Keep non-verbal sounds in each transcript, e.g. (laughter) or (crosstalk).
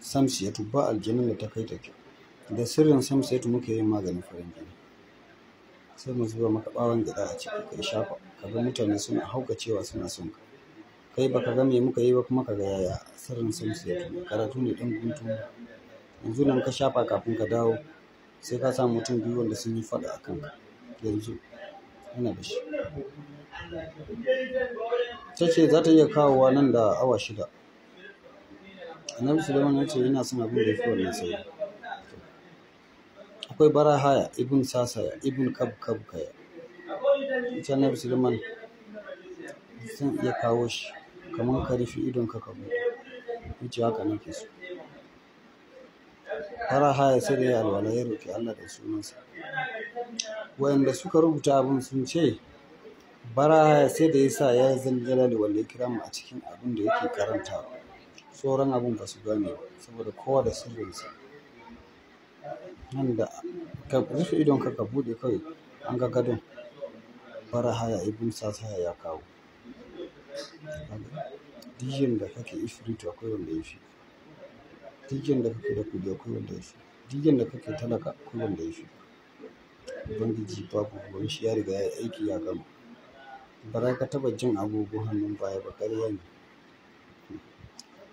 samsiyatu ba aljanin da ta kai ta da sirrin samsiyatu muke yin maganin farin jini sai mu zuba maka bawon gida a ciki kai shafa ka ga mutane suna hauka cewa suna son ka kai baka ga me muka yi ba kuma ka ga yaya sirrin samsiyatu ne karatu ne dan guntu yanzu nan ka shafa kafin ka dawo sai ka samu mutum biyu wanda sun yi faɗa a kanka yanzu yana da shi ta ce za ta iya kawowa nan da awa shida annabi sulaiman ya ce yana son abin da ya fi wannan sauri akwai barahaya ibn sasaya ibn kaya ita annabi sulaiman zan iya kawo shi kamar ka rufe idon ka kabo ya ce haka nake so barahaya sai da ya alwala ya roƙi allah da sunansa wanda suka rubuta abin sun ce barahaya sai da ya sa ya zan jalali wanda ya kira mu a cikin abin da yake karantawa sauran abin ba su gane saboda kowa da sirrinsa nan da ka rufe idon ka ka buɗe kawai an ga gadon bara haya ibn sasaya ya kawo dijin da kake ifritu akwai wanda ya fi dijin da kake da kudi akwai wanda ya fi dijin da kake talaka akwai wanda ya fi ubangiji babu ruwan shi ya riga ya aiki ya gama ba za ka taɓa jin agogo hannun baya ba ƙarya ne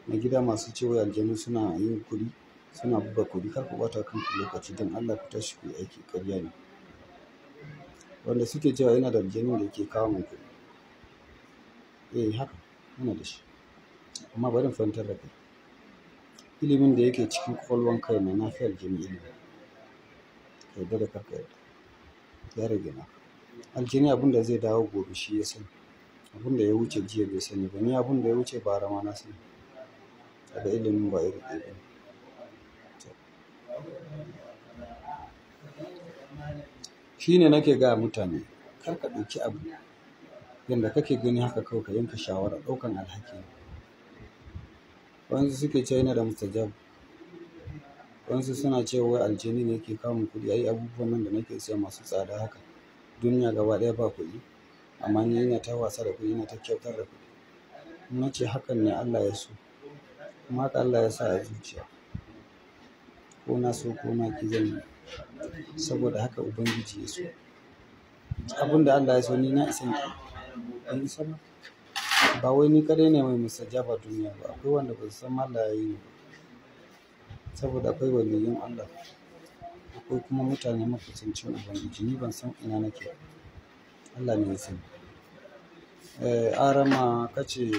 na gida masu cewa aljanu suna yin kuri suna buga kuri kar ku ɓata kanku lokaci don Allah ku tashi ku yi aiki ƙarya ne wanda suke cewa yana da aljanin da yake kawo mun kuri eh haka yana da shi amma bari in fahimtar da kai ilimin da yake cikin kwalwan kai na na fi aljani ilimi ka yarda da karka yarda ya rage na aljani abin da zai dawo gobe shi ya sani abin da ya wuce jiya bai sani ba ni abin da ya wuce bara ma na sani kaga ilimin ba iri ɗaya bane ne nake gaya mutane kar ka ɗauki abu yadda kake gani haka kawai ka yanka shawara ɗaukan alhaki wasu suke ce yana da mustajab wasu suna cewa wai aljini ne ke kamun kuɗi ai abubuwan nan da nake siya masu tsada haka duniya gaba ɗaya ba kuɗi amma ni ina ta wasa da kuɗi ina ta kyautar da kuɗi na ce hakan ne Allah ya so kuma haka Allah ya sa a zuciya ko na so ko na ki zan yi saboda haka ubangiji ya so abin da Allah ya so ni na isa ki an isa ba ba wai ni kadai ne mai musajjaba duniya ba akwai wanda ba su san Allah ya yi ne saboda akwai waliyin Allah akwai kuma mutane makusancin ubangiji ni ban san ina nake Allah ne ya sani eh arama kace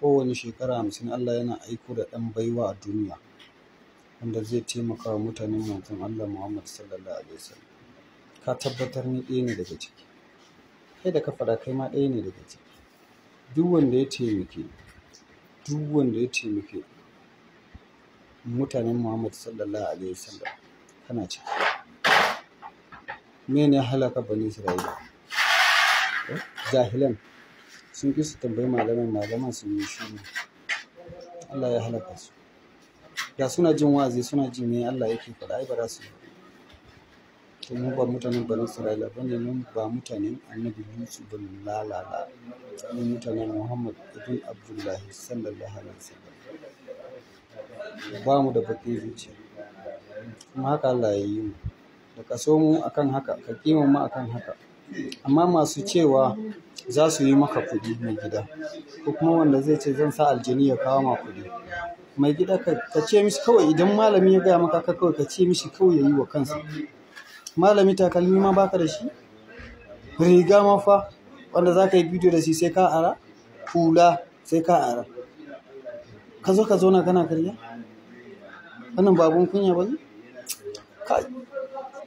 kowane shekara hamsin Allah yana aiko da ɗan baiwa a duniya wanda zai taimaka wa mutanen manzon Allah Muhammad sallallahu alaihi wasallam ka tabbatar ni ɗaya ne daga ciki kai da ka faɗa kai ma ɗaya ne daga ciki duk wanda ya taimake duk wanda ya taimake mutanen Muhammad sallallahu alaihi wasallam kana ciki mene halaka bani Isra'ila Zahilan. Eh, sun ƙi su tambayi malamin malaman sun yi ne Allah ya halaka su da suna jin wa'azi suna jin me Allah yake faɗa ai ba za su to mu ba mutanen bani Isra'ila bane mun ba mutanen Annabi Yusuf bin lalala mu mutanen Muhammad ibn Abdullah sallallahu alaihi wasallam ba mu da baƙin zuciya kuma haka Allah ya yi mu da kaso mu akan haka ka kima mu akan haka amma masu cewa za su yi maka kuɗi mai gida ko kuma wanda zai ce zan sa aljani ya kawo ma kuɗi mai gida ka ce mishi kawai idan malami ya gaya maka kawai ka ce mishi kawai ya yi wa kansa malami takalmi ma baka da shi riga ma fa wanda za ka yi bidiyo da shi sai ka ara hula sai ka ara ka zo ka zauna kana karya wannan babun kunya ba ne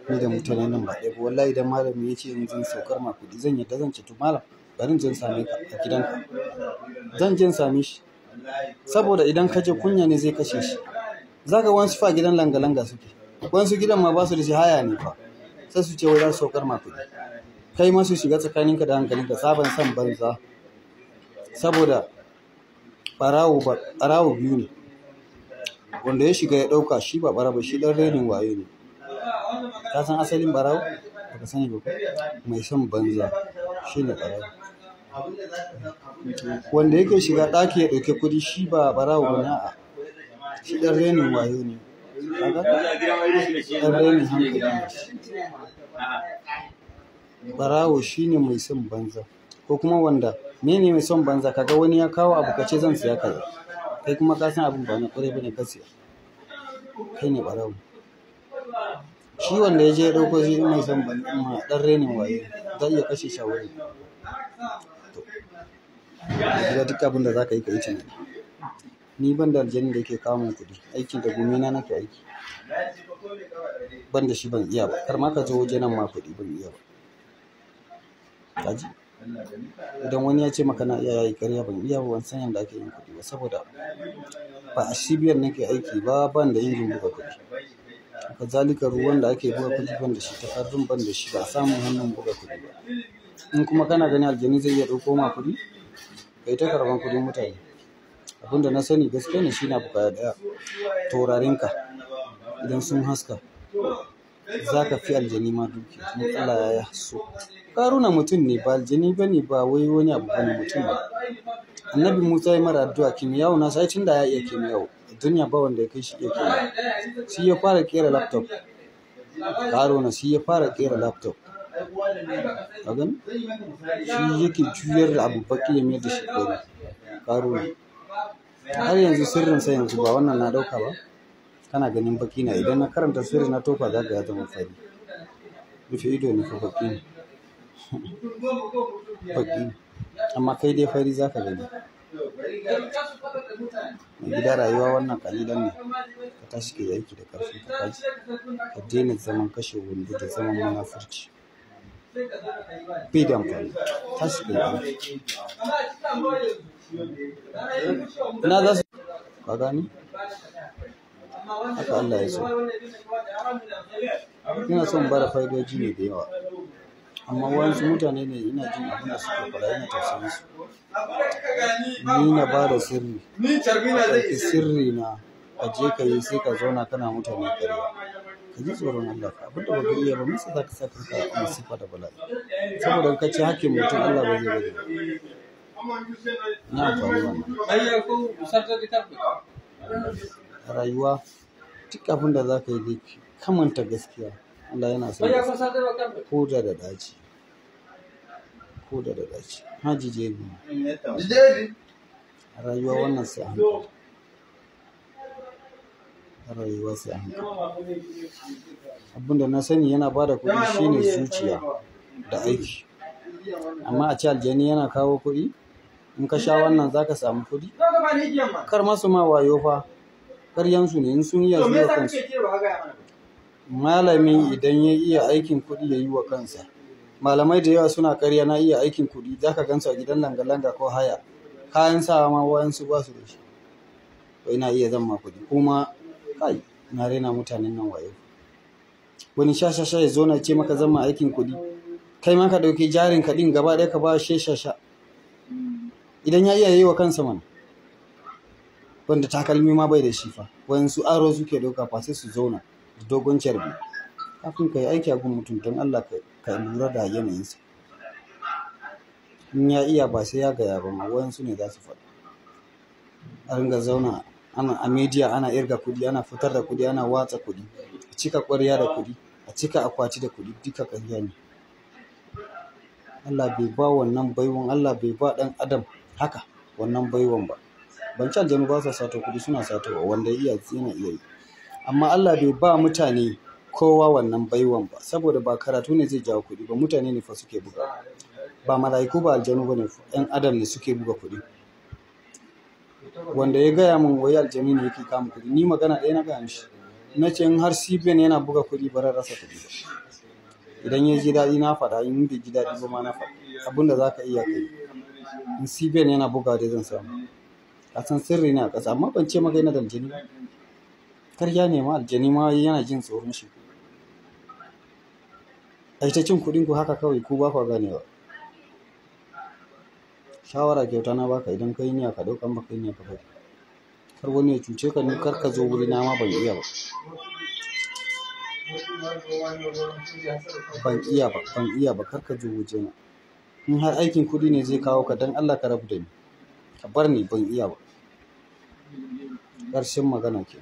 ni da mutanen nan ba ɗaya ba wallahi idan malami ya ce in zan saukar ma kuɗi zan yadda zan ce to malam bari zan same ka a gidanka zan jin same shi saboda idan ka je kunya ne zai kashe shi zaka wani fa gidan langa-langa suke su gidan ma ba su da shi haya ne fa sai su ce wai za su saukar ma kuɗi kai ma su shiga tsakaninka da ka saban san banza saboda ɓarawo biyu ne wanda ya shiga ya ɗauka shi ba ɓara ba shi ɗan renin wayo ne ka san asalin Ba ka sani ba mai son banza shi ne ɓarawo wanda yake shiga ɗaki ya ɗauke kudi shi ba ɓarawo ba na a shi ɗan renin wayo ne kaga ɗan renin hankali ne barawo shi ne mai son banza ko kuma wanda ne mai son banza kaga wani ya kawo abu kace zan siya kaza kai kuma ka san abin ba na ƙwarai ba ne ka siya kai ne barawo shi wanda ya je ya ɗauko shi mai son ban ma ɗan renin waye za iya kashe shi a wuri ga duk abin da za ka yi ka yi tunani ni ban da aljanin da yake kawo min kuɗi aikin da gumi na nake aiki ban da shi ban iya ba kar ma ka zo waje nan ma kuɗi ban iya ba kaji idan wani ya ce maka na iya yayi ƙarya ban iya ba ban san yadda ake yin kuɗi ba saboda ba a na nake aiki ba ban da injin buga kuɗi kazalika ruwan da ake buga kuɗi ban da shi takardun ban da shi ba samun hannun buga kuɗi ba in kuma kana gani aljini zai iya ɗauko ma kuɗi kai ta karban kuɗin mutane abin da na sani gaskiya ne shi na bukaya ɗaya ka, idan sun haska za ka fi aljani ma duki in ya ya so karuna mutum ne ba aljani ba ne ba wai wani abu ba ne mutum ba annabi musa ya mara addu'a kimiyawo na sai tun da ya iya kimiyawo duniya ba wanda ya kai shi yake kera shi ya fara kera laptop karo na shi ya fara kera laptop kagan shi yake juyar da abu baki ya mai da shi kori karo na har yanzu sirrin sa yanzu ba wannan na dauka ba kana ganin baki na idan na karanta sirri na tofa za ka ya zama fari rufe ido ne fa baki ne (laughs) baki amma kai dai fari za ka gani gida rayuwa wannan kalilan ne ka tashi ke aiki da ƙarfi ka kaji ka daina zaman kashe wando da zaman munafurci bai da amfani tashi ke aiki ina za su ka gani haka Allah ya so ina son bada fa'idoji ne da yawa amma wasu mutane ne ina jin abin da suke fara yana tausayin su ni na ba da sirri ɗauki sirri na a je ka yi sai ka zauna kana mutane karya ka ji tsoron Allah ka abinda ba iya ba musu za ka sa kanka a masifa da bala'i saboda ka ci hakkin mutum Allah ba zai bari na amfani wannan rayuwa duk abin da za ka yi kamanta gaskiya Allah yana son ko da da daji ko da da ɗaki haji jebi a rayuwa wannan sai an a rayuwa sai an abinda na sani yana bada kuɗi shine zuciya da aiki amma a ce aljani yana kawo kuɗi in ka sha wannan za ka samu kuɗi kar masu ma wayo fa ƙaryansu ne in sun yi yanzu kansu malami idan ya iya aikin kuɗi ya yi wa kansa malamai da yawa suna karya na iya aikin kuɗi za ka gansu a gidan langa-langa ko haya kayan sawa ma wayansu ba su da shi wai na iya zama kuɗi kuma kai na rena mutanen nan waye. wani shashasha ya zo na ce maka zama aikin kuɗi kai ma ka ɗauki jarin ka gaba ɗaya ka ba shi shasha idan ya iya yi wa kansa mana wanda takalmi ma bai da shi fa wayansu aro suke ɗauka fa su zauna da dogon carbi kafin ka yi aiki a gun mutum don Allah ka yi ka lura da yanayinsa in ya iya ba sai ya gaya ba ma wayansu ne za su faɗi a ringa zauna ana a media ana irga kuɗi ana fitar da kuɗi ana watsa kuɗi a cika ƙwarya da kuɗi a cika akwati da kuɗi duka ƙarya ne Allah bai ba wannan baiwan Allah bai ba ɗan adam haka wannan baiwan ba ban can jami ba sa sato kuɗi suna satowa wanda iya zina iya yi amma Allah bai ba mutane kowa wannan baiwan ba saboda ba karatu ne zai jawo kuɗi ba mutane ne fa suke buga ba mala'iku ba aljanu ba ne yan adam ne suke buga kuɗi wanda ya gaya min wai aljanu ne yake kama kuɗi ni magana ɗaya na gaya mishi na ce in har cbn yana buga kuɗi ba ran rasa kuɗi idan ya ji daɗi na faɗa in bai ji daɗi ba ma na faɗa abinda za ka iya kai in cbn yana buga da zan samu a san sirri ne a ƙasa amma ban ce maka yana da aljanu karya ne ma aljani ma yana jin tsoron shi ai ita cin kudin ku haka kawai ku ba ku ba? shawara kyauta na baka idan kai niyya ka ɗaukan baka niyya ka bari kar wani ya cuce ka ni kar ka zo wuri na ma ban iya ba ban iya ba ban iya ba kar ka zo waje na in har aikin kuɗi ne zai kawo ka dan Allah ka rabu da ni ka bar ni ban iya ba ƙarshen magana ke.